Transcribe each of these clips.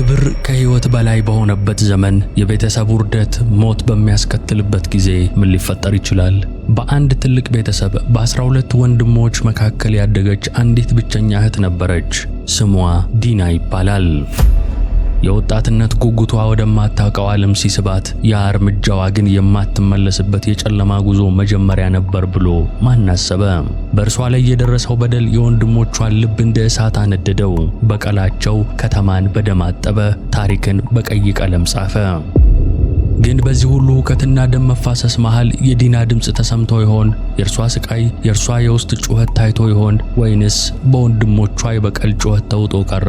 ክብር ከህይወት በላይ በሆነበት ዘመን፣ የቤተሰብ ውርደት ሞት በሚያስከትልበት ጊዜ ምን ሊፈጠር ይችላል? በአንድ ትልቅ ቤተሰብ በ12 ወንድሞች መካከል ያደገች አንዲት ብቸኛ እህት ነበረች። ስሟ ዲና ይባላል። የወጣትነት ጉጉቷ ወደማታውቀው ዓለም ሲስባት ያ እርምጃዋ ግን የማትመለስበት የጨለማ ጉዞ መጀመሪያ ነበር ብሎ ማን አሰበ? በእርሷ ላይ የደረሰው በደል የወንድሞቿን ልብ እንደ እሳት አነደደው። በቀላቸው ከተማን በደም አጠበ፣ ታሪክን በቀይ ቀለም ጻፈ። ግን በዚህ ሁሉ ሁከትና ደም መፋሰስ መሃል የዲና ድምፅ ተሰምቶ ይሆን? የእርሷ ስቃይ፣ የእርሷ የውስጥ ጩኸት ታይቶ ይሆን? ወይንስ በወንድሞቿ የበቀል ጩኸት ተውጦ ቀረ?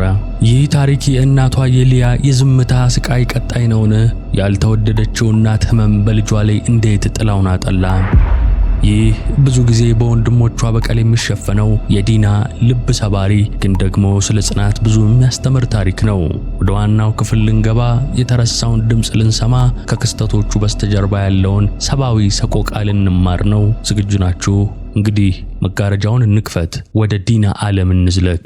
ይህ ታሪክ የእናቷ የሊያ የዝምታ ስቃይ ቀጣይ ነውን? ያልተወደደችው እናት ህመም በልጇ ላይ እንዴት ጥላውን አጠላ? ይህ ብዙ ጊዜ በወንድሞቿ በቀል የሚሸፈነው የዲና ልብ ሰባሪ ግን ደግሞ ስለ ጽናት ብዙ የሚያስተምር ታሪክ ነው። ወደ ዋናው ክፍል ልንገባ፣ የተረሳውን ድምፅ ልንሰማ፣ ከክስተቶቹ በስተጀርባ ያለውን ሰብአዊ ሰቆቃ ልንማር ነው። ዝግጁ ናችሁ? እንግዲህ መጋረጃውን እንክፈት፣ ወደ ዲና ዓለም እንዝለቅ።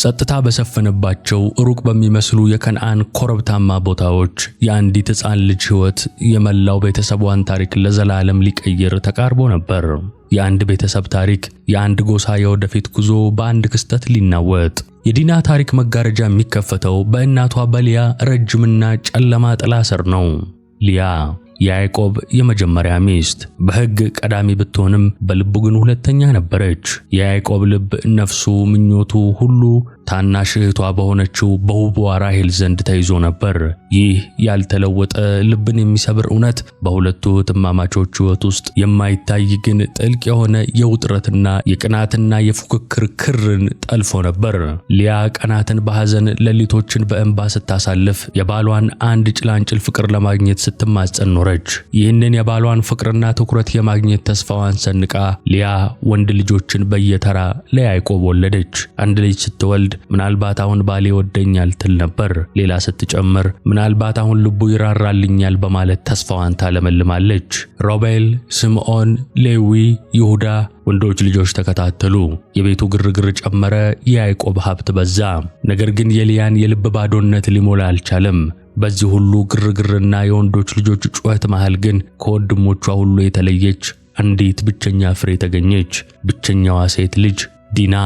ጸጥታ በሰፈነባቸው ሩቅ በሚመስሉ የከነዓን ኮረብታማ ቦታዎች የአንዲት ሕፃን ልጅ ሕይወት የመላው ቤተሰቧን ታሪክ ለዘላለም ሊቀይር ተቃርቦ ነበር። የአንድ ቤተሰብ ታሪክ፣ የአንድ ጎሳ የወደፊት ጉዞ በአንድ ክስተት ሊናወጥ። የዲና ታሪክ መጋረጃ የሚከፈተው በእናቷ በሊያ ረጅምና ጨለማ ጥላ ስር ነው። ሊያ የያዕቆብ የመጀመሪያ ሚስት በሕግ ቀዳሚ ብትሆንም በልቡ ግን ሁለተኛ ነበረች። የያዕቆብ ልብ፣ ነፍሱ፣ ምኞቱ ሁሉ ታናሽ እህቷ በሆነችው በውቧ ራሄል ዘንድ ተይዞ ነበር። ይህ ያልተለወጠ ልብን የሚሰብር እውነት በሁለቱ እህትማማቾች ሕይወት ውስጥ የማይታይ ግን ጥልቅ የሆነ የውጥረትና የቅናትና የፉክክር ክርን ጠልፎ ነበር። ሊያ ቀናትን በሐዘን ሌሊቶችን በእንባ ስታሳልፍ የባሏን አንድ ጭላንጭል ፍቅር ለማግኘት ስትማጸን ኖረች። ይህንን የባሏን ፍቅርና ትኩረት የማግኘት ተስፋዋን ሰንቃ ሊያ ወንድ ልጆችን በየተራ ለያዕቆብ ወለደች። አንድ ልጅ ስትወልድ ምናልባት አሁን ባሌ ወደኛል ትል ነበር። ሌላ ስትጨምር ምናልባት አሁን ልቡ ይራራልኛል በማለት ተስፋዋን ታለመልማለች። ሮቤል፣ ስምዖን፣ ሌዊ፣ ይሁዳ ወንዶች ልጆች ተከታተሉ። የቤቱ ግርግር ጨመረ። የያዕቆብ ሀብት በዛ። ነገር ግን የልያን የልብ ባዶነት ሊሞላ አልቻለም። በዚህ ሁሉ ግርግርና የወንዶች ልጆች ጩኸት መሃል ግን ከወንድሞቿ ሁሉ የተለየች አንዲት ብቸኛ ፍሬ ተገኘች። ብቸኛዋ ሴት ልጅ ዲና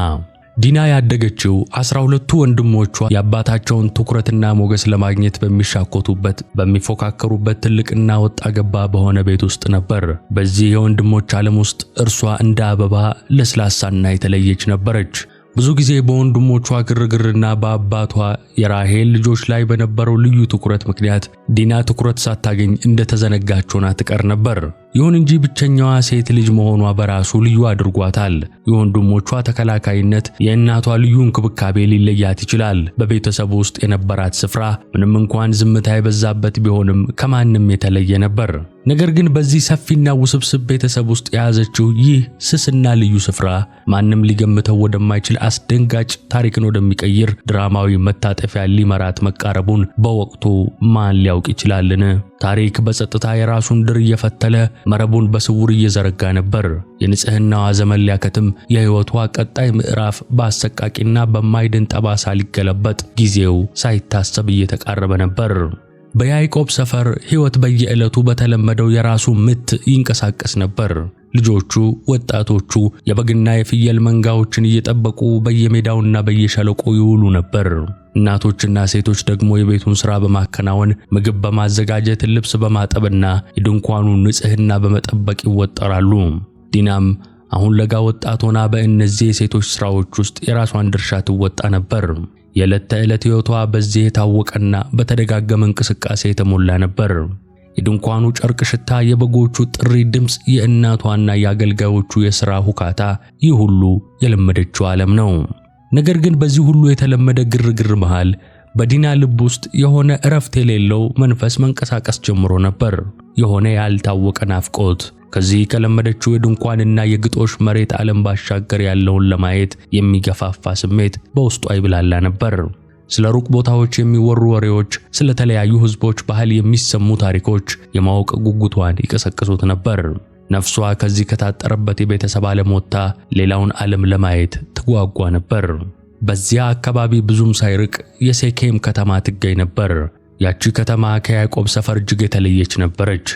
ዲና ያደገችው አስራ ሁለቱ ወንድሞቿ የአባታቸውን ትኩረትና ሞገስ ለማግኘት በሚሻኮቱበት በሚፎካከሩበት ትልቅና ወጣ ገባ በሆነ ቤት ውስጥ ነበር። በዚህ የወንድሞች ዓለም ውስጥ እርሷ እንደ አበባ ለስላሳና የተለየች ነበረች። ብዙ ጊዜ በወንድሞቿ ግርግርና በአባቷ የራሄል ልጆች ላይ በነበረው ልዩ ትኩረት ምክንያት ዲና ትኩረት ሳታገኝ እንደተዘነጋች ሆና ትቀር ነበር። ይሁን እንጂ ብቸኛዋ ሴት ልጅ መሆኗ በራሱ ልዩ አድርጓታል። የወንድሞቿ ተከላካይነት፣ የእናቷ ልዩ እንክብካቤ ሊለያት ይችላል። በቤተሰብ ውስጥ የነበራት ስፍራ ምንም እንኳን ዝምታ የበዛበት ቢሆንም ከማንም የተለየ ነበር። ነገር ግን በዚህ ሰፊና ውስብስብ ቤተሰብ ውስጥ የያዘችው ይህ ስስና ልዩ ስፍራ ማንም ሊገምተው ወደማይችል አስደንጋጭ ታሪክን ወደሚቀይር ድራማዊ መታጠፊያ ሊመራት መቃረቡን በወቅቱ ማን ሊያውቅ ይችላልን? ታሪክ በጸጥታ የራሱን ድር እየፈተለ መረቡን በስውር እየዘረጋ ነበር። የንጽህናዋ ዘመን ሊያከትም፣ የሕይወቷ ቀጣይ ምዕራፍ በአሰቃቂና በማይድን ጠባሳ ሊገለበጥ ጊዜው ሳይታሰብ እየተቃረበ ነበር። በያዕቆብ ሰፈር ሕይወት በየዕለቱ በተለመደው የራሱ ምት ይንቀሳቀስ ነበር። ልጆቹ፣ ወጣቶቹ የበግና የፍየል መንጋዎችን እየጠበቁ በየሜዳውና በየሸለቆው ይውሉ ነበር። እናቶችና ሴቶች ደግሞ የቤቱን ሥራ በማከናወን ምግብ በማዘጋጀት፣ ልብስ በማጠብና የድንኳኑ ንጽሕና በመጠበቅ ይወጠራሉ። ዲናም አሁን ለጋ ወጣት ሆና በእነዚህ የሴቶች ሥራዎች ውስጥ የራሷን ድርሻ ትወጣ ነበር። የዕለት ተዕለት ሕይወቷ በዚህ የታወቀና በተደጋገመ እንቅስቃሴ የተሞላ ነበር። የድንኳኑ ጨርቅ ሽታ፣ የበጎቹ ጥሪ ድምፅ፣ የእናቷና የአገልጋዮቹ የሥራ ሁካታ፣ ይህ ሁሉ የለመደችው ዓለም ነው። ነገር ግን በዚህ ሁሉ የተለመደ ግርግር መሃል በዲና ልብ ውስጥ የሆነ እረፍት የሌለው መንፈስ መንቀሳቀስ ጀምሮ ነበር። የሆነ ያልታወቀ ናፍቆት ከዚህ ከለመደችው የድንኳንና የግጦሽ መሬት ዓለም ባሻገር ያለውን ለማየት የሚገፋፋ ስሜት በውስጧ ይብላላ ነበር። ስለ ሩቅ ቦታዎች የሚወሩ ወሬዎች፣ ስለ ተለያዩ ህዝቦች ባህል የሚሰሙ ታሪኮች የማወቅ ጉጉቷን ይቀሰቅሱት ነበር። ነፍሷ ከዚህ ከታጠረበት የቤተሰብ ዓለም ወጥታ ሌላውን ዓለም ለማየት ትጓጓ ነበር። በዚያ አካባቢ ብዙም ሳይርቅ የሴኬም ከተማ ትገኝ ነበር። ያቺ ከተማ ከያዕቆብ ሰፈር እጅግ የተለየች ነበረች።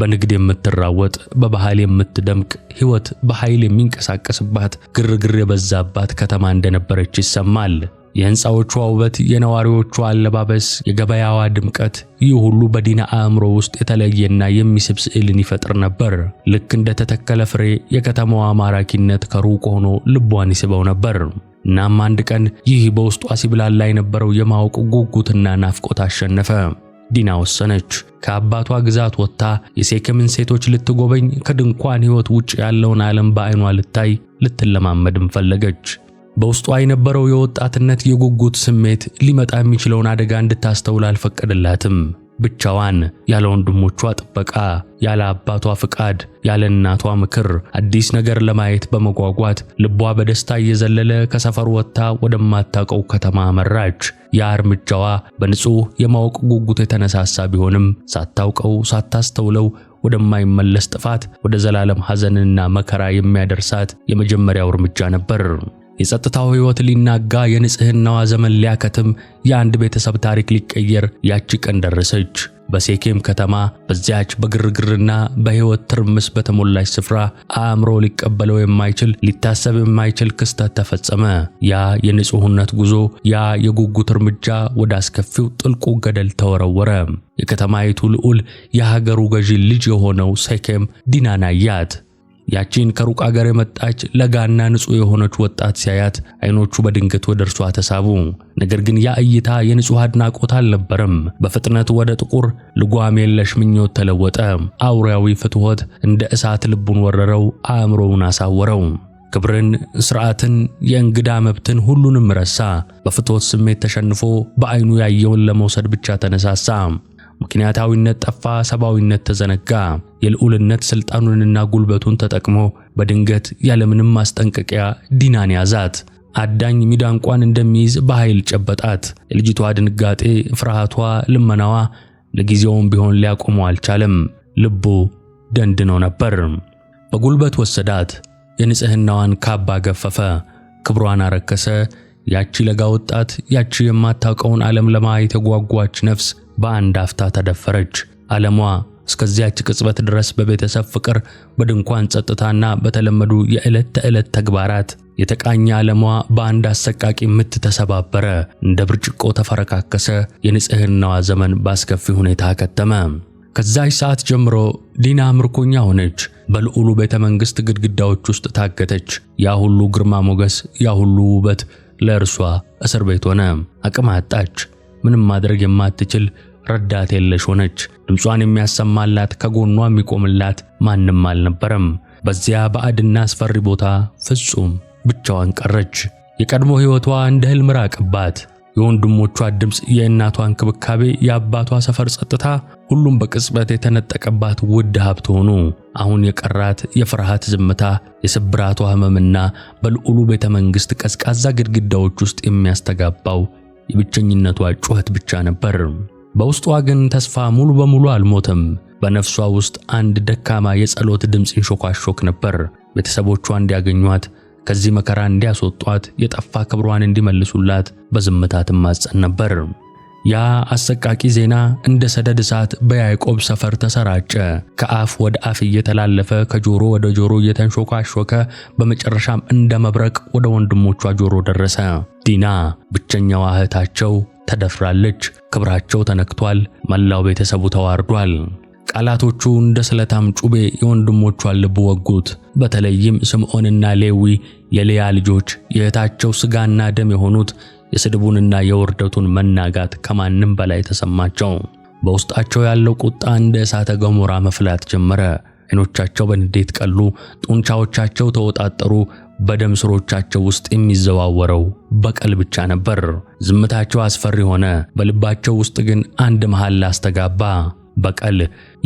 በንግድ የምትራወጥ፣ በባህል የምትደምቅ፣ ሕይወት በኃይል የሚንቀሳቀስባት፣ ግርግር የበዛባት ከተማ እንደነበረች ይሰማል። የሕንፃዎቿ ውበት፣ የነዋሪዎቿ አለባበስ፣ የገበያዋ ድምቀት፣ ይህ ሁሉ በዲና አእምሮ ውስጥ የተለየና የሚስብ ስዕልን ይፈጥር ነበር። ልክ እንደ ተተከለ ፍሬ የከተማዋ ማራኪነት ከሩቅ ሆኖ ልቧን ይስበው ነበር። እናም አንድ ቀን ይህ በውስጧ ሲብላላ የነበረው የማወቅ ጉጉትና ናፍቆት አሸነፈ። ዲና ወሰነች። ከአባቷ ግዛት ወጥታ የሴክምን ሴቶች ልትጎበኝ፣ ከድንኳን ሕይወት ውጭ ያለውን ዓለም በዓይኗ ልታይ፣ ልትለማመድም ፈለገች። በውስጧ የነበረው የወጣትነት የጉጉት ስሜት ሊመጣ የሚችለውን አደጋ እንድታስተውል አልፈቀደላትም። ብቻዋን ያለ ወንድሞቿ ጥበቃ፣ ያለ አባቷ ፍቃድ፣ ያለ እናቷ ምክር አዲስ ነገር ለማየት በመጓጓት ልቧ በደስታ እየዘለለ ከሰፈር ወጥታ ወደማታውቀው ከተማ መራች ያ እርምጃዋ በንጹሕ የማወቅ ጉጉት የተነሳሳ ቢሆንም ሳታውቀው ሳታስተውለው ወደማይመለስ ጥፋት፣ ወደ ዘላለም ሐዘንና መከራ የሚያደርሳት የመጀመሪያው እርምጃ ነበር። የጸጥታው ሕይወት ሊናጋ፣ የንጽህናዋ ዘመን ሊያከትም፣ የአንድ ቤተሰብ ታሪክ ሊቀየር ያቺ ቀን ደረሰች። በሴኬም ከተማ በዚያች በግርግርና በሕይወት ትርምስ በተሞላች ስፍራ አእምሮ ሊቀበለው የማይችል ሊታሰብ የማይችል ክስተት ተፈጸመ። ያ የንጹህነት ጉዞ፣ ያ የጉጉት እርምጃ ወደ አስከፊው ጥልቁ ገደል ተወረወረ። የከተማይቱ ልዑል፣ የሀገሩ ገዢ ልጅ የሆነው ሴኬም ዲናን አያት። ያቺን ከሩቅ አገር የመጣች ለጋና ንጹሕ የሆነች ወጣት ሲያያት አይኖቹ በድንገት ወደ እርሷ ተሳቡ። ነገር ግን ያ እይታ የንጹሕ አድናቆት አልነበረም። በፍጥነት ወደ ጥቁር ልጓም የለሽ ምኞት ተለወጠ። አውሬያዊ ፍትወት እንደ እሳት ልቡን ወረረው፣ አእምሮውን አሳወረው። ክብርን፣ ሥርዓትን፣ የእንግዳ መብትን ሁሉንም ረሳ። በፍትወት ስሜት ተሸንፎ በአይኑ ያየውን ለመውሰድ ብቻ ተነሳሳ። ምክንያታዊነት ጠፋ፣ ሰብአዊነት ተዘነጋ። የልዑልነት ሥልጣኑንና ጉልበቱን ተጠቅሞ በድንገት ያለምንም ማስጠንቀቂያ ዲናን ያዛት። አዳኝ ሚዳንቋን እንደሚይዝ በኃይል ጨበጣት። የልጅቷ ድንጋጤ፣ ፍርሃቷ፣ ልመናዋ ለጊዜውም ቢሆን ሊያቆሙ አልቻለም። ልቡ ደንድኖ ነበር። በጉልበት ወሰዳት። የንጽሕናዋን ካባ ገፈፈ፣ ክብሯን አረከሰ። ያቺ ለጋ ወጣት፣ ያቺ የማታውቀውን ዓለም ለማየት የጓጓች ነፍስ በአንድ አፍታ ተደፈረች። ዓለሟ እስከዚያች ቅጽበት ድረስ በቤተሰብ ፍቅር፣ በድንኳን ጸጥታና በተለመዱ የዕለት ተዕለት ተግባራት የተቃኘ ዓለሟ በአንድ አሰቃቂ ምት ተሰባበረ፣ እንደ ብርጭቆ ተፈረካከሰ። የንጽህናዋ ዘመን በአስከፊ ሁኔታ ከተመ። ከዛች ሰዓት ጀምሮ ዲና ምርኮኛ ሆነች። በልዑሉ ቤተ መንግሥት ግድግዳዎች ውስጥ ታገተች። ያ ሁሉ ግርማ ሞገስ፣ ያ ሁሉ ውበት ለእርሷ እስር ቤት ሆነ። አቅም አጣች። ምንም ማድረግ የማትችል ረዳት የለሽ ሆነች። ድምጿን የሚያሰማላት ከጎኗ የሚቆምላት ማንም አልነበረም። በዚያ ባዕድና አስፈሪ ቦታ ፍጹም ብቻዋን ቀረች። የቀድሞ ሕይወቷ እንደ ህልም ራቀባት። የወንድሞቿ ድምፅ፣ የእናቷ እንክብካቤ፣ የአባቷ ሰፈር ጸጥታ፣ ሁሉም በቅጽበት የተነጠቀባት ውድ ሀብት ሆኑ። አሁን የቀራት የፍርሃት ዝምታ፣ የስብራቷ ህመምና በልዑሉ ቤተ መንግሥት ቀዝቃዛ ግድግዳዎች ውስጥ የሚያስተጋባው የብቸኝነቷ ጩኸት ብቻ ነበር። በውስጧ ግን ተስፋ ሙሉ በሙሉ አልሞተም። በነፍሷ ውስጥ አንድ ደካማ የጸሎት ድምፅ ይንሾካሾክ ነበር። ቤተሰቦቿ እንዲያገኟት፣ ከዚህ መከራ እንዲያስወጧት፣ የጠፋ ክብሯን እንዲመልሱላት በዝምታ ትማጸን ነበር። ያ አሰቃቂ ዜና እንደ ሰደድ እሳት በያዕቆብ ሰፈር ተሰራጨ። ከአፍ ወደ አፍ እየተላለፈ ከጆሮ ወደ ጆሮ እየተንሾካሾከ በመጨረሻም እንደ መብረቅ ወደ ወንድሞቿ ጆሮ ደረሰ። ዲና ብቸኛዋ እህታቸው ተደፍራለች። ክብራቸው ተነክቷል። መላው ቤተሰቡ ተዋርዷል። ቃላቶቹ እንደ ስለታም ጩቤ የወንድሞቿን ልብ ወጉት። በተለይም ስምዖንና ሌዊ የልያ ልጆች የእህታቸው ስጋና ደም የሆኑት የስድቡንና የውርደቱን መናጋት ከማንም በላይ ተሰማቸው። በውስጣቸው ያለው ቁጣ እንደ እሳተ ገሞራ መፍላት ጀመረ። ዓይኖቻቸው በንዴት ቀሉ፣ ጡንቻዎቻቸው ተወጣጠሩ። በደም ስሮቻቸው ውስጥ የሚዘዋወረው በቀል ብቻ ነበር። ዝምታቸው አስፈሪ ሆነ። በልባቸው ውስጥ ግን አንድ መሐላ አስተጋባ። በቀል።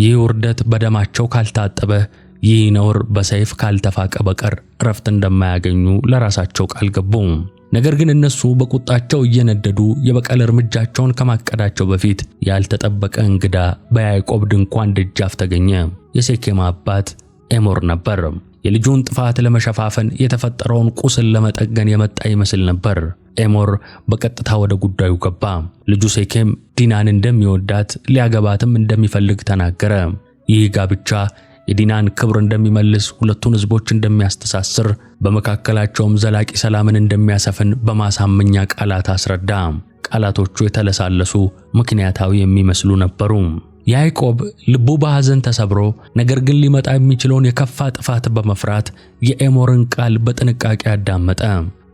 ይህ ውርደት በደማቸው ካልታጠበ ይህ ነውር በሰይፍ ካልተፋቀ በቀር እረፍት እንደማያገኙ ለራሳቸው ቃል ገቡ። ነገር ግን እነሱ በቁጣቸው እየነደዱ የበቀል እርምጃቸውን ከማቀዳቸው በፊት ያልተጠበቀ እንግዳ በያዕቆብ ድንኳን ደጃፍ ተገኘ። የሴኬም አባት ኤሞር ነበር። የልጁን ጥፋት ለመሸፋፈን የተፈጠረውን ቁስል ለመጠገን የመጣ ይመስል ነበር። ኤሞር በቀጥታ ወደ ጉዳዩ ገባ። ልጁ ሴኬም ዲናን እንደሚወዳት ሊያገባትም እንደሚፈልግ ተናገረ። ይህ ጋብቻ የዲናን ክብር እንደሚመልስ፣ ሁለቱን ህዝቦች እንደሚያስተሳስር፣ በመካከላቸውም ዘላቂ ሰላምን እንደሚያሰፍን በማሳመኛ ቃላት አስረዳ። ቃላቶቹ የተለሳለሱ፣ ምክንያታዊ የሚመስሉ ነበሩ። ያዕቆብ ልቡ በሐዘን ተሰብሮ ነገር ግን ሊመጣ የሚችለውን የከፋ ጥፋት በመፍራት የኤሞርን ቃል በጥንቃቄ አዳመጠ።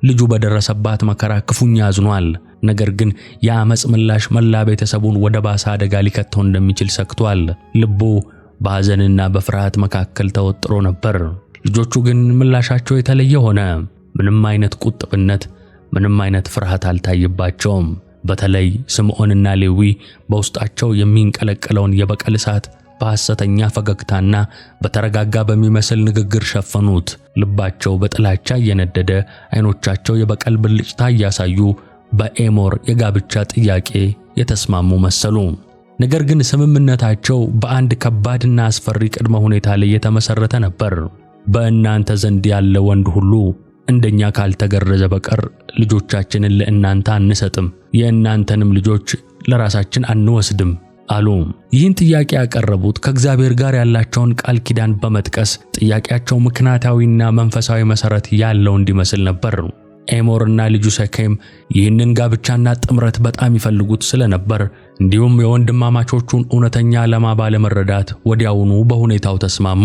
ልጁ በደረሰባት መከራ ክፉኛ አዝኗል። ነገር ግን የአመፅ ምላሽ መላ ቤተሰቡን ወደ ባሰ አደጋ ሊከተው እንደሚችል ሰግቷል። ልቡ በሐዘንና በፍርሃት መካከል ተወጥሮ ነበር። ልጆቹ ግን ምላሻቸው የተለየ ሆነ። ምንም አይነት ቁጥብነት፣ ምንም አይነት ፍርሃት አልታየባቸውም። በተለይ ስምዖንና ሌዊ በውስጣቸው የሚንቀለቀለውን የበቀል እሳት በሐሰተኛ ፈገግታና በተረጋጋ በሚመስል ንግግር ሸፈኑት። ልባቸው በጥላቻ እየነደደ፣ አይኖቻቸው የበቀል ብልጭታ እያሳዩ በኤሞር የጋብቻ ጥያቄ የተስማሙ መሰሉ። ነገር ግን ስምምነታቸው በአንድ ከባድና አስፈሪ ቅድመ ሁኔታ ላይ የተመሰረተ ነበር። በእናንተ ዘንድ ያለ ወንድ ሁሉ እንደኛ ካልተገረዘ በቀር ልጆቻችንን ለእናንተ አንሰጥም፣ የእናንተንም ልጆች ለራሳችን አንወስድም አሉ። ይህን ጥያቄ ያቀረቡት ከእግዚአብሔር ጋር ያላቸውን ቃል ኪዳን በመጥቀስ ጥያቄያቸው ምክንያታዊና መንፈሳዊ መሠረት ያለው እንዲመስል ነበር። ኤሞርና ልጁ ሴኬም ይህንን ጋብቻና ጥምረት በጣም ይፈልጉት ስለነበር እንዲሁም የወንድማማቾቹን እውነተኛ ዓላማ ባለመረዳት ወዲያውኑ በሁኔታው ተስማሙ።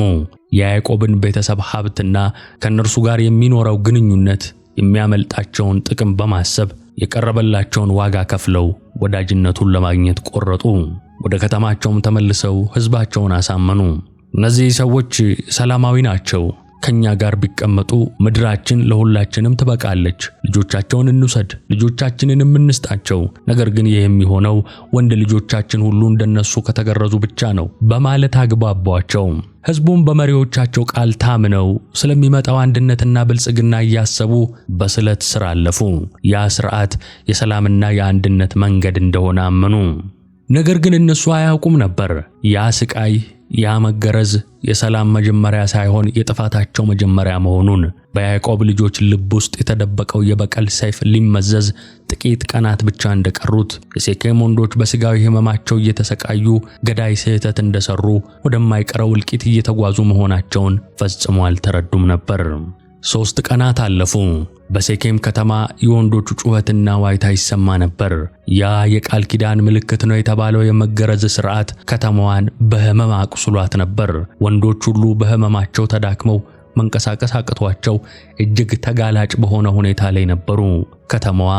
የያዕቆብን ቤተሰብ ሀብትና ከእነርሱ ጋር የሚኖረው ግንኙነት የሚያመልጣቸውን ጥቅም በማሰብ የቀረበላቸውን ዋጋ ከፍለው ወዳጅነቱን ለማግኘት ቆረጡ። ወደ ከተማቸውም ተመልሰው ሕዝባቸውን አሳመኑ። እነዚህ ሰዎች ሰላማዊ ናቸው ከኛ ጋር ቢቀመጡ ምድራችን ለሁላችንም ትበቃለች። ልጆቻቸውን እንውሰድ፣ ልጆቻችንንም እንስጣቸው። ነገር ግን ይህ የሚሆነው ወንድ ልጆቻችን ሁሉ እንደነሱ ከተገረዙ ብቻ ነው በማለት አግባቧቸው። ሕዝቡም በመሪዎቻቸው ቃል ታምነው ስለሚመጣው አንድነትና ብልጽግና እያሰቡ በስለት ሥር አለፉ። ያ ስርዓት የሰላምና የአንድነት መንገድ እንደሆነ አመኑ። ነገር ግን እነሱ አያውቁም ነበር ያ ስቃይ ያ መገረዝ የሰላም መጀመሪያ ሳይሆን የጥፋታቸው መጀመሪያ መሆኑን በያዕቆብ ልጆች ልብ ውስጥ የተደበቀው የበቀል ሰይፍ ሊመዘዝ ጥቂት ቀናት ብቻ እንደቀሩት የሴኬም ወንዶች በስጋዊ ሕመማቸው እየተሰቃዩ ገዳይ ስህተት እንደሰሩ ወደማይቀረው እልቂት እየተጓዙ መሆናቸውን ፈጽሞ አልተረዱም ነበር። ሦስት ቀናት አለፉ። በሴኬም ከተማ የወንዶቹ ጩኸትና ዋይታ ይሰማ ነበር። ያ የቃል ኪዳን ምልክት ነው የተባለው የመገረዝ ሥርዓት ከተማዋን በሕመም አቁስሏት ነበር። ወንዶች ሁሉ በሕመማቸው ተዳክመው መንቀሳቀስ አቅቷቸው እጅግ ተጋላጭ በሆነ ሁኔታ ላይ ነበሩ። ከተማዋ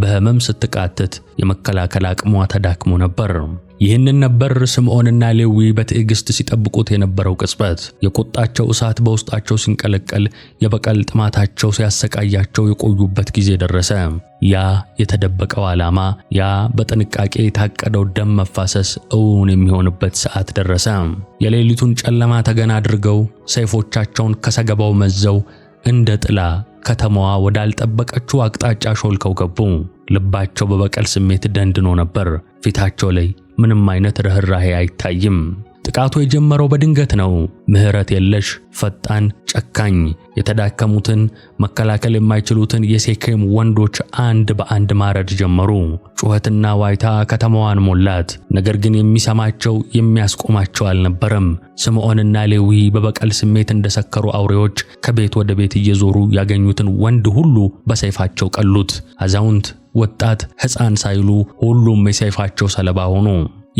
በሕመም ስትቃትት የመከላከል አቅሟ ተዳክሞ ነበር። ይህንን ነበር ስምዖንና ሌዊ በትዕግስት ሲጠብቁት የነበረው ቅጽበት። የቁጣቸው እሳት በውስጣቸው ሲንቀለቀል፣ የበቀል ጥማታቸው ሲያሰቃያቸው የቆዩበት ጊዜ ደረሰ። ያ የተደበቀው ዓላማ፣ ያ በጥንቃቄ የታቀደው ደም መፋሰስ እውን የሚሆንበት ሰዓት ደረሰ። የሌሊቱን ጨለማ ተገና አድርገው ሰይፎቻቸውን ከሰገባው መዘው እንደ ጥላ ከተማዋ ወዳልጠበቀችው አቅጣጫ ሾልከው ገቡ። ልባቸው በበቀል ስሜት ደንድኖ ነበር። ፊታቸው ላይ ምንም አይነት ርኅራኄ አይታይም። ጥቃቱ የጀመረው በድንገት ነው። ምህረት የለሽ፣ ፈጣን፣ ጨካኝ የተዳከሙትን መከላከል የማይችሉትን የሴኬም ወንዶች አንድ በአንድ ማረድ ጀመሩ። ጩኸትና ዋይታ ከተማዋን ሞላት። ነገር ግን የሚሰማቸው የሚያስቆማቸው አልነበረም። ስምዖንና ሌዊ በበቀል ስሜት እንደሰከሩ አውሬዎች ከቤት ወደ ቤት እየዞሩ ያገኙትን ወንድ ሁሉ በሰይፋቸው ቀሉት። አዛውንት፣ ወጣት፣ ሕፃን ሳይሉ ሁሉም የሰይፋቸው ሰለባ ሆኑ።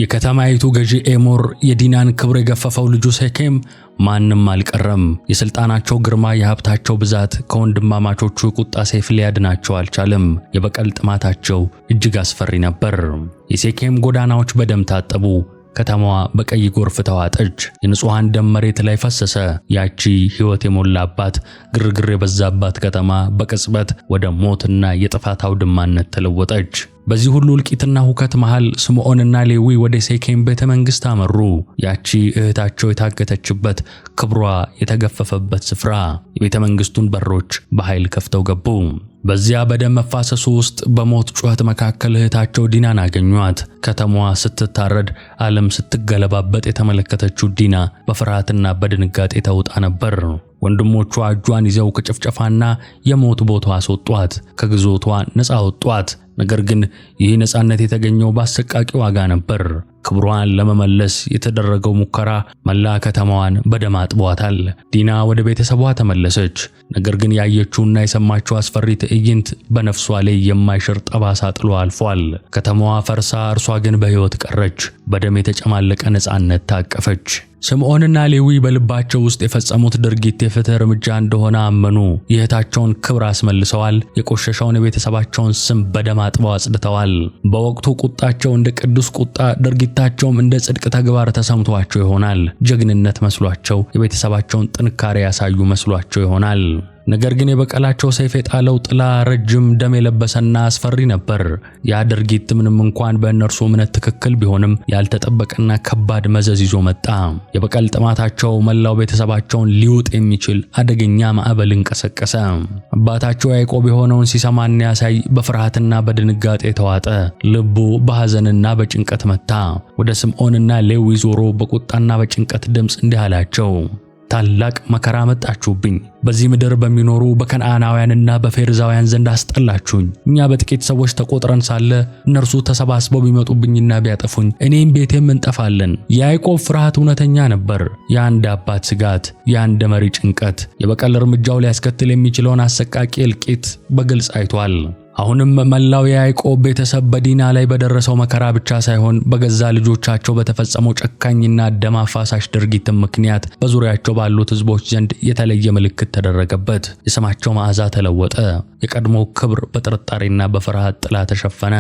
የከተማይቱ ገዢ ኤሞር የዲናን ክብር የገፈፈው ልጁ ሴኬም ማንም አልቀረም። የሥልጣናቸው ግርማ፣ የሀብታቸው ብዛት ከወንድማማቾቹ የቁጣ ሰይፍ ሊያድናቸው አልቻለም። የበቀል ጥማታቸው እጅግ አስፈሪ ነበር። የሴኬም ጎዳናዎች በደም ታጠቡ። ከተማዋ በቀይ ጎርፍ ተዋጠች። የንጹሐን ደም መሬት ላይ ፈሰሰ። ያቺ ሕይወት የሞላባት ግርግር የበዛባት ከተማ በቅጽበት ወደ ሞትና የጥፋት አውድማነት ተለወጠች። በዚህ ሁሉ እልቂትና ሁከት መሃል ስምዖንና ሌዊ ወደ ሴኬም ቤተ መንግሥት አመሩ፣ ያቺ እህታቸው የታገተችበት ክብሯ የተገፈፈበት ስፍራ። የቤተ መንግሥቱን በሮች በኃይል ከፍተው ገቡ። በዚያ በደም መፋሰሱ ውስጥ በሞት ጩኸት መካከል እህታቸው ዲናን አገኟት። ከተማዋ ስትታረድ፣ ዓለም ስትገለባበጥ የተመለከተችው ዲና በፍርሃትና በድንጋጤ ተውጣ ነበር። ወንድሞቿ እጇን ይዘው ከጭፍጨፋና የሞት ቦታዋ አስወጧት፣ ከግዞቷ ነፃ አወጧት። ነገር ግን ይህ ነፃነት የተገኘው በአሰቃቂ ዋጋ ነበር። ክብሯን ለመመለስ የተደረገው ሙከራ መላ ከተማዋን በደም አጥቧታል። ዲና ወደ ቤተሰቧ ተመለሰች። ነገር ግን ያየችውና የሰማችው አስፈሪ ትዕይንት በነፍሷ ላይ የማይሽር ጠባሳ ጥሎ አልፏል። ከተማዋ ፈርሳ፣ እርሷ ግን በሕይወት ቀረች። በደም የተጨማለቀ ነፃነት ታቀፈች። ስምዖንና ሌዊ በልባቸው ውስጥ የፈጸሙት ድርጊት የፍትህ እርምጃ እንደሆነ አመኑ። የእህታቸውን ክብር አስመልሰዋል። የቆሸሸውን የቤተሰባቸውን ስም በደም አጥበው አጽድተዋል። በወቅቱ ቁጣቸው እንደ ቅዱስ ቁጣ፣ ድርጊታቸውም እንደ ጽድቅ ተግባር ተሰምቷቸው ይሆናል። ጀግንነት መስሏቸው የቤተሰባቸውን ጥንካሬ ያሳዩ መስሏቸው ይሆናል። ነገር ግን የበቀላቸው ሰይፍ የጣለው ጥላ ረጅም ደም የለበሰና አስፈሪ ነበር። ያ ድርጊት ምንም እንኳን በእነርሱ እምነት ትክክል ቢሆንም ያልተጠበቀና ከባድ መዘዝ ይዞ መጣ። የበቀል ጥማታቸው መላው ቤተሰባቸውን ሊውጥ የሚችል አደገኛ ማዕበል እንቀሰቀሰ። አባታቸው ያዕቆብ የሆነውን ሲሰማና ያሳይ በፍርሃትና በድንጋጤ ተዋጠ። ልቡ በሐዘንና በጭንቀት መታ። ወደ ስምዖንና ሌዊ ዞሮ በቁጣና በጭንቀት ድምፅ እንዲህ አላቸው ታላቅ መከራ መጣችሁብኝ! በዚህ ምድር በሚኖሩ በከነዓናውያንና በፌርዛውያን ዘንድ አስጠላችሁኝ። እኛ በጥቂት ሰዎች ተቆጥረን ሳለ እነርሱ ተሰባስበው ቢመጡብኝና ቢያጠፉኝ እኔም ቤቴም እንጠፋለን። የያዕቆብ ፍርሃት እውነተኛ ነበር። የአንድ አባት ስጋት፣ የአንድ መሪ ጭንቀት፣ የበቀል እርምጃው ሊያስከትል የሚችለውን አሰቃቂ እልቂት በግልጽ አይቷል። አሁንም መላው የያዕቆብ ቤተሰብ በዲና ላይ በደረሰው መከራ ብቻ ሳይሆን በገዛ ልጆቻቸው በተፈጸመው ጨካኝና ደም አፋሳሽ ድርጊትም ምክንያት በዙሪያቸው ባሉት ሕዝቦች ዘንድ የተለየ ምልክት ተደረገበት። የስማቸው መዓዛ ተለወጠ። የቀድሞ ክብር በጥርጣሬና በፍርሃት ጥላ ተሸፈነ።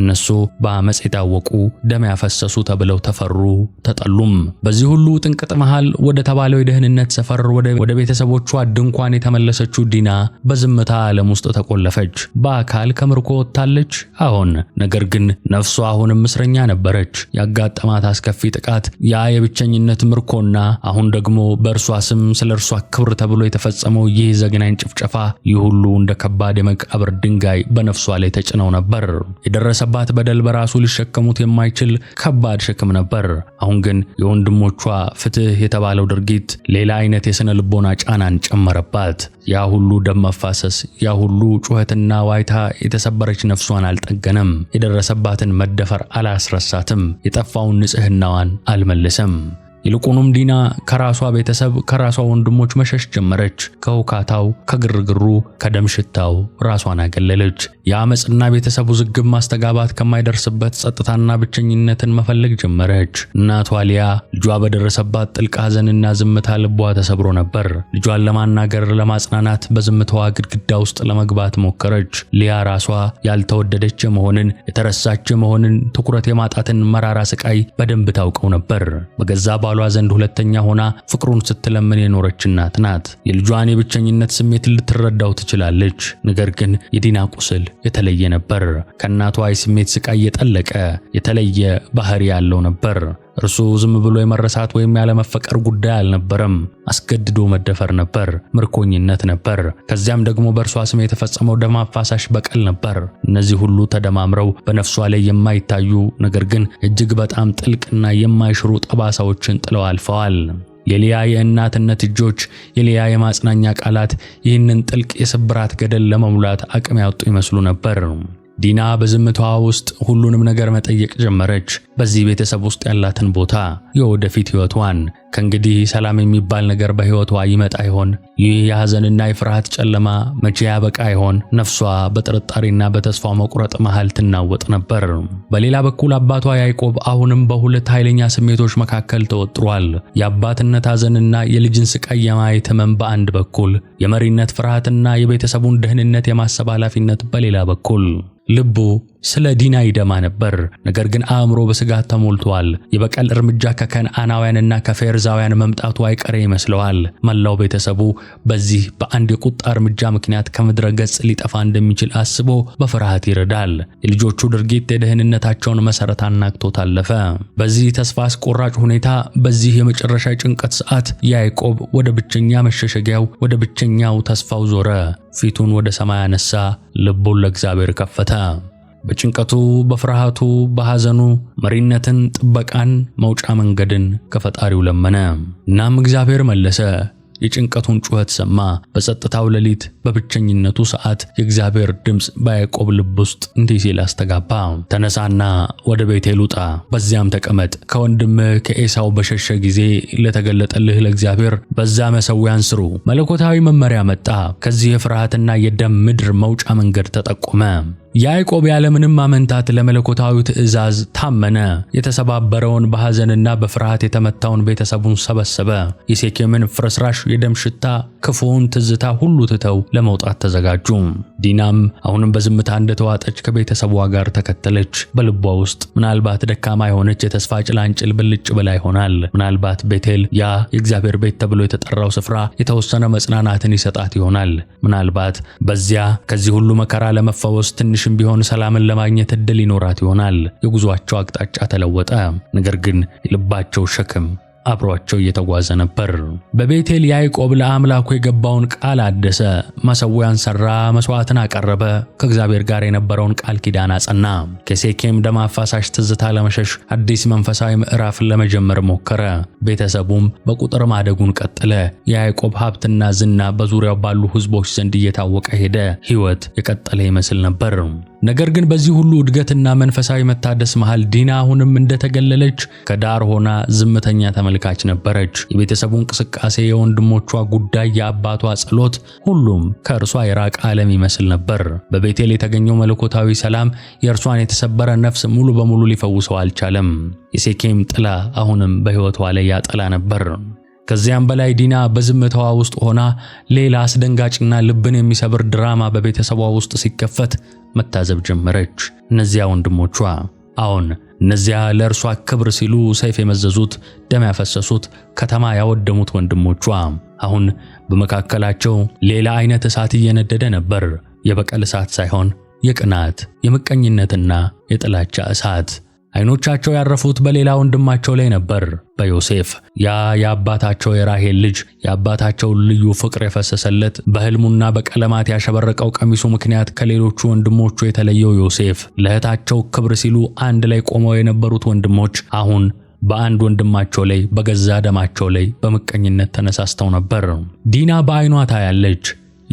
እነሱ በአመፅ የታወቁ ደም ያፈሰሱ ተብለው ተፈሩ፣ ተጠሉም። በዚህ ሁሉ ጥንቅጥ መሃል ወደ ተባለው የደህንነት ሰፈር ወደ ቤተሰቦቿ ድንኳን የተመለሰችው ዲና በዝምታ ዓለም ውስጥ ተቆለፈች። በአካ አካል ከምርኮ ወጥታለች። አሁን ነገር ግን ነፍሷ አሁንም እስረኛ ነበረች። ያጋጠማት አስከፊ ጥቃት፣ ያ የብቸኝነት ምርኮና አሁን ደግሞ በእርሷ ስም ስለ እርሷ ክብር ተብሎ የተፈጸመው ይህ ዘግናኝ ጭፍጨፋ፣ ይህ ሁሉ እንደ ከባድ የመቃብር ድንጋይ በነፍሷ ላይ ተጭነው ነበር። የደረሰባት በደል በራሱ ሊሸከሙት የማይችል ከባድ ሸክም ነበር። አሁን ግን የወንድሞቿ ፍትህ የተባለው ድርጊት ሌላ አይነት የስነ ልቦና ጫናን ጨመረባት። ያ ሁሉ ደም መፋሰስ፣ ያ ሁሉ ጩኸትና ዋይታ የተሰበረች ነፍሷን አልጠገነም። የደረሰባትን መደፈር አላስረሳትም። የጠፋውን ንጽህናዋን አልመለሰም። ይልቁንም ዲና ከራሷ ቤተሰብ ከራሷ ወንድሞች መሸሽ ጀመረች። ከውካታው፣ ከግርግሩ፣ ከደምሽታው ራሷን አገለለች። የአመፅና ቤተሰብ ውዝግብ ማስተጋባት ከማይደርስበት ጸጥታና ብቸኝነትን መፈለግ ጀመረች። እናቷ ሊያ ልጇ በደረሰባት ጥልቅ ሐዘንና ዝምታ ልቧ ተሰብሮ ነበር። ልጇን ለማናገር፣ ለማጽናናት በዝምታዋ ግድግዳ ውስጥ ለመግባት ሞከረች። ሊያ ራሷ ያልተወደደች የመሆንን የተረሳች የመሆንን ትኩረት የማጣትን መራራ ስቃይ በደንብ ታውቀው ነበር። በገዛ ባሏ ዘንድ ሁለተኛ ሆና ፍቅሩን ስትለምን የኖረች እናት ናት። የልጇን የብቸኝነት ስሜት ልትረዳው ትችላለች። ነገር ግን የዲና ቁስል የተለየ ነበር። ከእናቷ የስሜት ስቃይ የጠለቀ የተለየ ባህሪ ያለው ነበር። እርሱ ዝም ብሎ የመረሳት ወይም ያለመፈቀር ጉዳይ አልነበረም። አስገድዶ መደፈር ነበር፣ ምርኮኝነት ነበር። ከዚያም ደግሞ በእርሷ ስም የተፈጸመው ደም አፋሳሽ በቀል ነበር። እነዚህ ሁሉ ተደማምረው በነፍሷ ላይ የማይታዩ ነገር ግን እጅግ በጣም ጥልቅና የማይሽሩ ጠባሳዎችን ጥለው አልፈዋል። የሊያ የእናትነት እጆች፣ የሊያ የማጽናኛ ቃላት ይህንን ጥልቅ የስብራት ገደል ለመሙላት አቅም ያወጡ ይመስሉ ነበር። ዲና በዝምቷ ውስጥ ሁሉንም ነገር መጠየቅ ጀመረች። በዚህ ቤተሰብ ውስጥ ያላትን ቦታ፣ የወደፊት ሕይወቷን፣ ከእንግዲህ ሰላም የሚባል ነገር በሕይወቷ ይመጣ ይሆን? ይህ የሐዘንና የፍርሃት ጨለማ መቼ ያበቃ ይሆን? ነፍሷ በጥርጣሬና በተስፋ መቁረጥ መሃል ትናወጥ ነበር። በሌላ በኩል አባቷ ያዕቆብ አሁንም በሁለት ኃይለኛ ስሜቶች መካከል ተወጥሯል። የአባትነት ሐዘንና የልጅን ስቃይ የማየት ህመም በአንድ በኩል፣ የመሪነት ፍርሃትና የቤተሰቡን ደህንነት የማሰብ ኃላፊነት በሌላ በኩል ልቡ ስለ ዲና ይደማ ነበር። ነገር ግን አእምሮ በስጋት ተሞልቷል። የበቀል እርምጃ ከከነዓናውያንና ከፌርዛውያን መምጣቱ አይቀሬ ይመስለዋል። መላው ቤተሰቡ በዚህ በአንድ የቁጣ እርምጃ ምክንያት ከምድረ ገጽ ሊጠፋ እንደሚችል አስቦ በፍርሃት ይረዳል። የልጆቹ ድርጊት የደህንነታቸውን መሠረት አናግቶ ታለፈ። በዚህ ተስፋ አስቆራጭ ሁኔታ፣ በዚህ የመጨረሻ ጭንቀት ሰዓት ያዕቆብ ወደ ብቸኛ መሸሸጊያው፣ ወደ ብቸኛው ተስፋው ዞረ። ፊቱን ወደ ሰማይ አነሳ፣ ልቡን ለእግዚአብሔር ከፈተ። በጭንቀቱ፣ በፍርሃቱ፣ በሐዘኑ መሪነትን፣ ጥበቃን፣ መውጫ መንገድን ከፈጣሪው ለመነ። እናም እግዚአብሔር መለሰ። የጭንቀቱን ጩኸት ሰማ። በጸጥታው ሌሊት፣ በብቸኝነቱ ሰዓት የእግዚአብሔር ድምፅ በያዕቆብ ልብ ውስጥ እንዲህ ሲል አስተጋባ። ተነሳና ወደ ቤቴል ውጣ፣ በዚያም ተቀመጥ። ከወንድምህ ከኤሳው በሸሸ ጊዜ ለተገለጠልህ ለእግዚአብሔር በዛ መሠዊያን ስሩ። መለኮታዊ መመሪያ መጣ። ከዚህ የፍርሃትና የደም ምድር መውጫ መንገድ ተጠቆመ። ያዕቆብ ያለምንም ማመንታት ለመለኮታዊ ትእዛዝ ታመነ። የተሰባበረውን በሐዘንና በፍርሃት የተመታውን ቤተሰቡን ሰበሰበ። የሴኬምን ፍርስራሽ የደም ሽታ፣ ክፉውን ትዝታ ሁሉ ትተው ለመውጣት ተዘጋጁ። ዲናም አሁንም በዝምታ እንደተዋጠች ከቤተሰቧ ጋር ተከተለች። በልቧ ውስጥ ምናልባት ደካማ የሆነች የተስፋ ጭላንጭል ብልጭ ብላ ይሆናል። ምናልባት ቤቴል፣ ያ የእግዚአብሔር ቤት ተብሎ የተጠራው ስፍራ የተወሰነ መጽናናትን ይሰጣት ይሆናል። ምናልባት በዚያ ከዚህ ሁሉ መከራ ለመፈወስ ትንሽ ትንሽም ቢሆን ሰላምን ለማግኘት እድል ይኖራት ይሆናል። የጉዞአቸው አቅጣጫ ተለወጠ። ነገር ግን የልባቸው ሸክም አብሯቸው እየተጓዘ ነበር። በቤቴል ያዕቆብ ለአምላኩ የገባውን ቃል አደሰ፣ መሠዊያን ሠራ፣ መሥዋዕትን አቀረበ፣ ከእግዚአብሔር ጋር የነበረውን ቃል ኪዳን አጸና። ከሴኬም ደም አፋሳሽ ትዝታ ለመሸሽ አዲስ መንፈሳዊ ምዕራፍን ለመጀመር ሞከረ። ቤተሰቡም በቁጥር ማደጉን ቀጠለ። የያዕቆብ ሀብትና ዝና በዙሪያው ባሉ ሕዝቦች ዘንድ እየታወቀ ሄደ። ሕይወት የቀጠለ ይመስል ነበር። ነገር ግን በዚህ ሁሉ እድገትና መንፈሳዊ መታደስ መሃል ዲና አሁንም እንደተገለለች ከዳር ሆና ዝምተኛ ተመልካች ነበረች። የቤተሰቡ እንቅስቃሴ፣ የወንድሞቿ ጉዳይ፣ የአባቷ ጸሎት፣ ሁሉም ከእርሷ የራቀ ዓለም ይመስል ነበር። በቤቴል የተገኘው መለኮታዊ ሰላም የእርሷን የተሰበረ ነፍስ ሙሉ በሙሉ ሊፈውሰው አልቻለም። የሴኬም ጥላ አሁንም በሕይወቷ ላይ ያጠላ ነበር። ከዚያም በላይ ዲና በዝምታዋ ውስጥ ሆና ሌላ አስደንጋጭና ልብን የሚሰብር ድራማ በቤተሰቧ ውስጥ ሲከፈት መታዘብ ጀመረች። እነዚያ ወንድሞቿ አሁን እነዚያ ለእርሷ ክብር ሲሉ ሰይፍ የመዘዙት ደም ያፈሰሱት ከተማ ያወደሙት ወንድሞቿ አሁን በመካከላቸው ሌላ አይነት እሳት እየነደደ ነበር። የበቀል እሳት ሳይሆን የቅናት የምቀኝነትና የጥላቻ እሳት። አይኖቻቸው ያረፉት በሌላ ወንድማቸው ላይ ነበር፣ በዮሴፍ። ያ የአባታቸው የራሄል ልጅ የአባታቸውን ልዩ ፍቅር የፈሰሰለት በሕልሙና በቀለማት ያሸበረቀው ቀሚሱ ምክንያት ከሌሎቹ ወንድሞቹ የተለየው ዮሴፍ ለእህታቸው ክብር ሲሉ አንድ ላይ ቆመው የነበሩት ወንድሞች አሁን በአንድ ወንድማቸው ላይ በገዛ ደማቸው ላይ በምቀኝነት ተነሳስተው ነበር። ዲና በዓይኗ ታያለች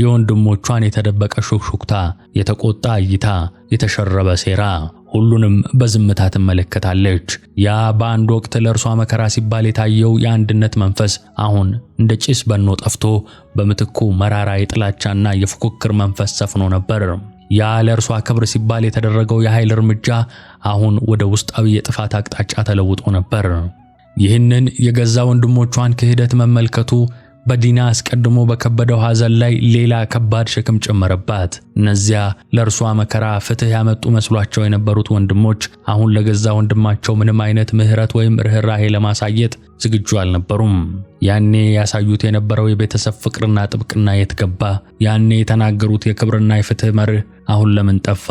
የወንድሞቿን የተደበቀ ሹክሹክታ፣ የተቆጣ እይታ፣ የተሸረበ ሴራ። ሁሉንም በዝምታ ትመለከታለች። ያ በአንድ ወቅት ለእርሷ መከራ ሲባል የታየው የአንድነት መንፈስ አሁን እንደ ጭስ በኖ ጠፍቶ በምትኩ መራራ የጥላቻና የፉክክር መንፈስ ሰፍኖ ነበር። ያ ለእርሷ ክብር ሲባል የተደረገው የኃይል እርምጃ አሁን ወደ ውስጣዊ የጥፋት አቅጣጫ ተለውጦ ነበር። ይህንን የገዛ ወንድሞቿን ክህደት መመልከቱ በዲና አስቀድሞ በከበደው ሐዘን ላይ ሌላ ከባድ ሸክም ጨመረባት። እነዚያ ለእርሷ መከራ ፍትህ ያመጡ መስሏቸው የነበሩት ወንድሞች አሁን ለገዛ ወንድማቸው ምንም አይነት ምህረት ወይም ርኅራሄ ለማሳየት ዝግጁ አልነበሩም። ያኔ ያሳዩት የነበረው የቤተሰብ ፍቅርና ጥብቅና የት ገባ? ያኔ የተናገሩት የክብርና የፍትህ መርህ አሁን ለምን ጠፋ?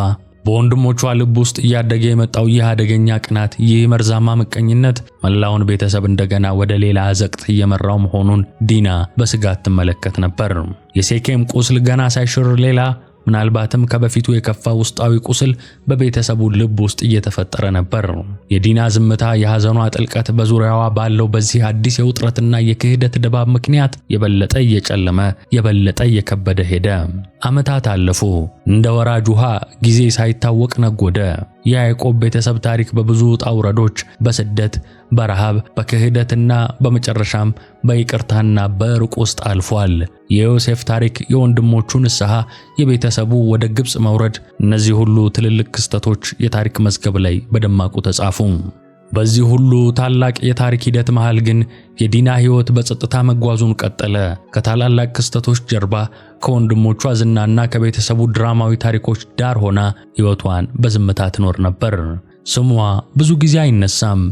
በወንድሞቿ ልብ ውስጥ እያደገ የመጣው ይህ አደገኛ ቅናት፣ ይህ መርዛማ ምቀኝነት መላውን ቤተሰብ እንደገና ወደ ሌላ አዘቅት እየመራው መሆኑን ዲና በስጋት ትመለከት ነበር። የሴኬም ቁስል ገና ሳይሽር ሌላ ምናልባትም ከበፊቱ የከፋ ውስጣዊ ቁስል በቤተሰቡ ልብ ውስጥ እየተፈጠረ ነበር። የዲና ዝምታ፣ የሐዘኗ ጥልቀት በዙሪያዋ ባለው በዚህ አዲስ የውጥረትና የክህደት ድባብ ምክንያት የበለጠ እየጨለመ የበለጠ እየከበደ ሄደ። ዓመታት አለፉ። እንደ ወራጅ ውሃ ጊዜ ሳይታወቅ ነጎደ። የያዕቆብ ቤተሰብ ታሪክ በብዙ ውጣ ውረዶች፣ በስደት፣ በረሃብ፣ በክህደትና በመጨረሻም በይቅርታና በእርቅ ውስጥ አልፏል። የዮሴፍ ታሪክ፣ የወንድሞቹ ንስሐ፣ የቤተሰቡ ወደ ግብፅ መውረድ፣ እነዚህ ሁሉ ትልልቅ ክስተቶች የታሪክ መዝገብ ላይ በደማቁ ተጻፉ። በዚህ ሁሉ ታላቅ የታሪክ ሂደት መሃል ግን የዲና ሕይወት በጸጥታ መጓዙን ቀጠለ። ከታላላቅ ክስተቶች ጀርባ ከወንድሞቿ ዝናና ከቤተሰቡ ድራማዊ ታሪኮች ዳር ሆና ሕይወቷን በዝምታ ትኖር ነበር። ስሟ ብዙ ጊዜ አይነሳም።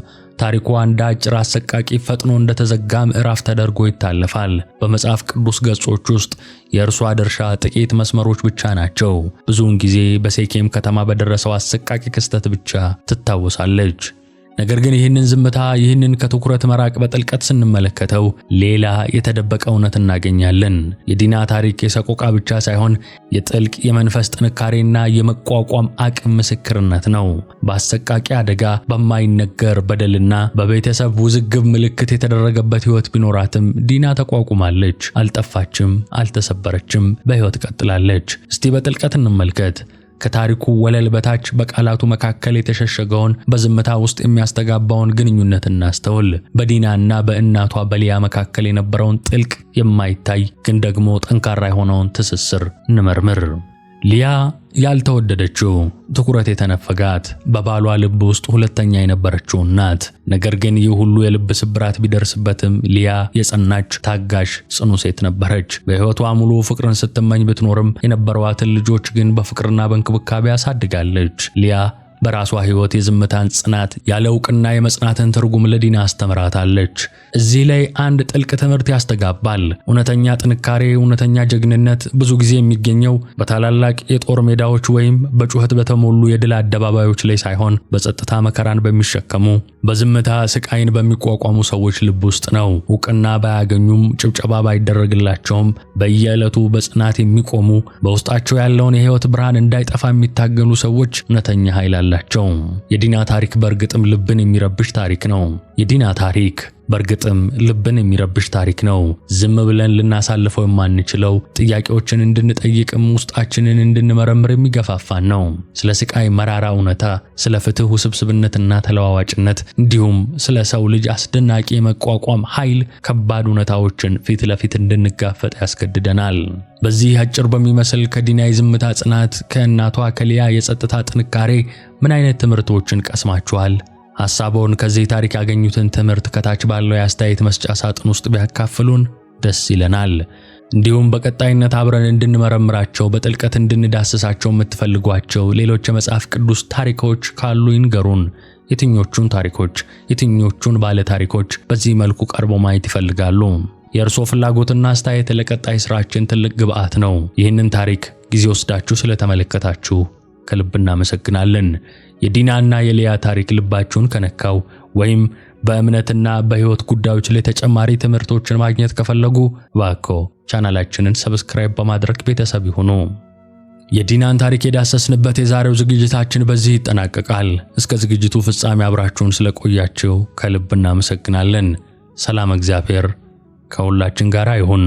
ታሪኳ እንደ አጭር አሰቃቂ ፈጥኖ እንደተዘጋ ምዕራፍ ተደርጎ ይታለፋል። በመጽሐፍ ቅዱስ ገጾች ውስጥ የእርሷ ድርሻ ጥቂት መስመሮች ብቻ ናቸው። ብዙውን ጊዜ በሴኬም ከተማ በደረሰው አሰቃቂ ክስተት ብቻ ትታወሳለች። ነገር ግን ይህንን ዝምታ ይህንን ከትኩረት መራቅ በጥልቀት ስንመለከተው ሌላ የተደበቀ እውነት እናገኛለን። የዲና ታሪክ የሰቆቃ ብቻ ሳይሆን የጥልቅ የመንፈስ ጥንካሬና የመቋቋም አቅም ምስክርነት ነው። በአሰቃቂ አደጋ፣ በማይነገር በደልና በቤተሰብ ውዝግብ ምልክት የተደረገበት ሕይወት ቢኖራትም ዲና ተቋቁማለች፣ አልጠፋችም፣ አልተሰበረችም፣ በሕይወት ቀጥላለች። እስቲ በጥልቀት እንመልከት። ከታሪኩ ወለል በታች በቃላቱ መካከል የተሸሸገውን በዝምታ ውስጥ የሚያስተጋባውን ግንኙነት እናስተውል። በዲናና በእናቷ በሊያ መካከል የነበረውን ጥልቅ የማይታይ ግን ደግሞ ጠንካራ የሆነውን ትስስር እንመርምር። ሊያ ያልተወደደችው ትኩረት የተነፈጋት በባሏ ልብ ውስጥ ሁለተኛ የነበረችው እናት። ነገር ግን ይህ ሁሉ የልብ ስብራት ቢደርስበትም ሊያ የጸናች፣ ታጋሽ፣ ጽኑ ሴት ነበረች። በሕይወቷ ሙሉ ፍቅርን ስትመኝ ብትኖርም የነበረዋትን ልጆች ግን በፍቅርና በእንክብካቤ አሳድጋለች። ሊያ በራሷ ሕይወት የዝምታን ጽናት ያለ ዕውቅና የመጽናትን ትርጉም ለዲና አስተምራታለች። እዚህ ላይ አንድ ጥልቅ ትምህርት ያስተጋባል። እውነተኛ ጥንካሬ፣ እውነተኛ ጀግንነት ብዙ ጊዜ የሚገኘው በታላላቅ የጦር ሜዳዎች ወይም በጩኸት በተሞሉ የድል አደባባዮች ላይ ሳይሆን በጸጥታ መከራን በሚሸከሙ በዝምታ ስቃይን በሚቋቋሙ ሰዎች ልብ ውስጥ ነው። እውቅና ባያገኙም፣ ጭብጨባ ባይደረግላቸውም በየዕለቱ በጽናት የሚቆሙ በውስጣቸው ያለውን የሕይወት ብርሃን እንዳይጠፋ የሚታገሉ ሰዎች እውነተኛ ኃይል አላቸው። የዲና ታሪክ በእርግጥም ልብን የሚረብሽ ታሪክ ነው። የዲና ታሪክ በእርግጥም ልብን የሚረብሽ ታሪክ ነው። ዝም ብለን ልናሳልፈው የማንችለው ጥያቄዎችን እንድንጠይቅም ውስጣችንን እንድንመረምር የሚገፋፋን ነው። ስለ ስቃይ መራራ እውነታ፣ ስለ ፍትህ ውስብስብነትና ተለዋዋጭነት እንዲሁም ስለ ሰው ልጅ አስደናቂ የመቋቋም ኃይል ከባድ እውነታዎችን ፊት ለፊት እንድንጋፈጥ ያስገድደናል። በዚህ አጭር በሚመስል ከዲና የዝምታ ጽናት፣ ከእናቷ ከሊያ የጸጥታ ጥንካሬ ምን አይነት ትምህርቶችን ቀስማችኋል? ሐሳቦን ከዚህ ታሪክ ያገኙትን ትምህርት ከታች ባለው የአስተያየት መስጫ ሳጥን ውስጥ ቢያካፍሉን ደስ ይለናል። እንዲሁም በቀጣይነት አብረን እንድንመረምራቸው በጥልቀት እንድንዳስሳቸው የምትፈልጓቸው ሌሎች የመጽሐፍ ቅዱስ ታሪኮች ካሉ ይንገሩን። የትኞቹን ታሪኮች፣ የትኞቹን ባለ ታሪኮች በዚህ መልኩ ቀርቦ ማየት ይፈልጋሉ? የእርስዎ ፍላጎትና አስተያየት ለቀጣይ ስራችን ትልቅ ግብአት ነው። ይህንን ታሪክ ጊዜ ወስዳችሁ ስለተመለከታችሁ ከልብ እናመሰግናለን። የዲናና የሊያ ታሪክ ልባችሁን ከነካው ወይም በእምነትና በሕይወት ጉዳዮች ላይ ተጨማሪ ትምህርቶችን ማግኘት ከፈለጉ እባክዎ ቻናላችንን ሰብስክራይብ በማድረግ ቤተሰብ ይሁኑ። የዲናን ታሪክ የዳሰስንበት የዛሬው ዝግጅታችን በዚህ ይጠናቀቃል። እስከ ዝግጅቱ ፍጻሜ አብራችሁን ስለቆያችሁ ከልብ እናመሰግናለን። ሰላም፣ እግዚአብሔር ከሁላችን ጋር ይሁን።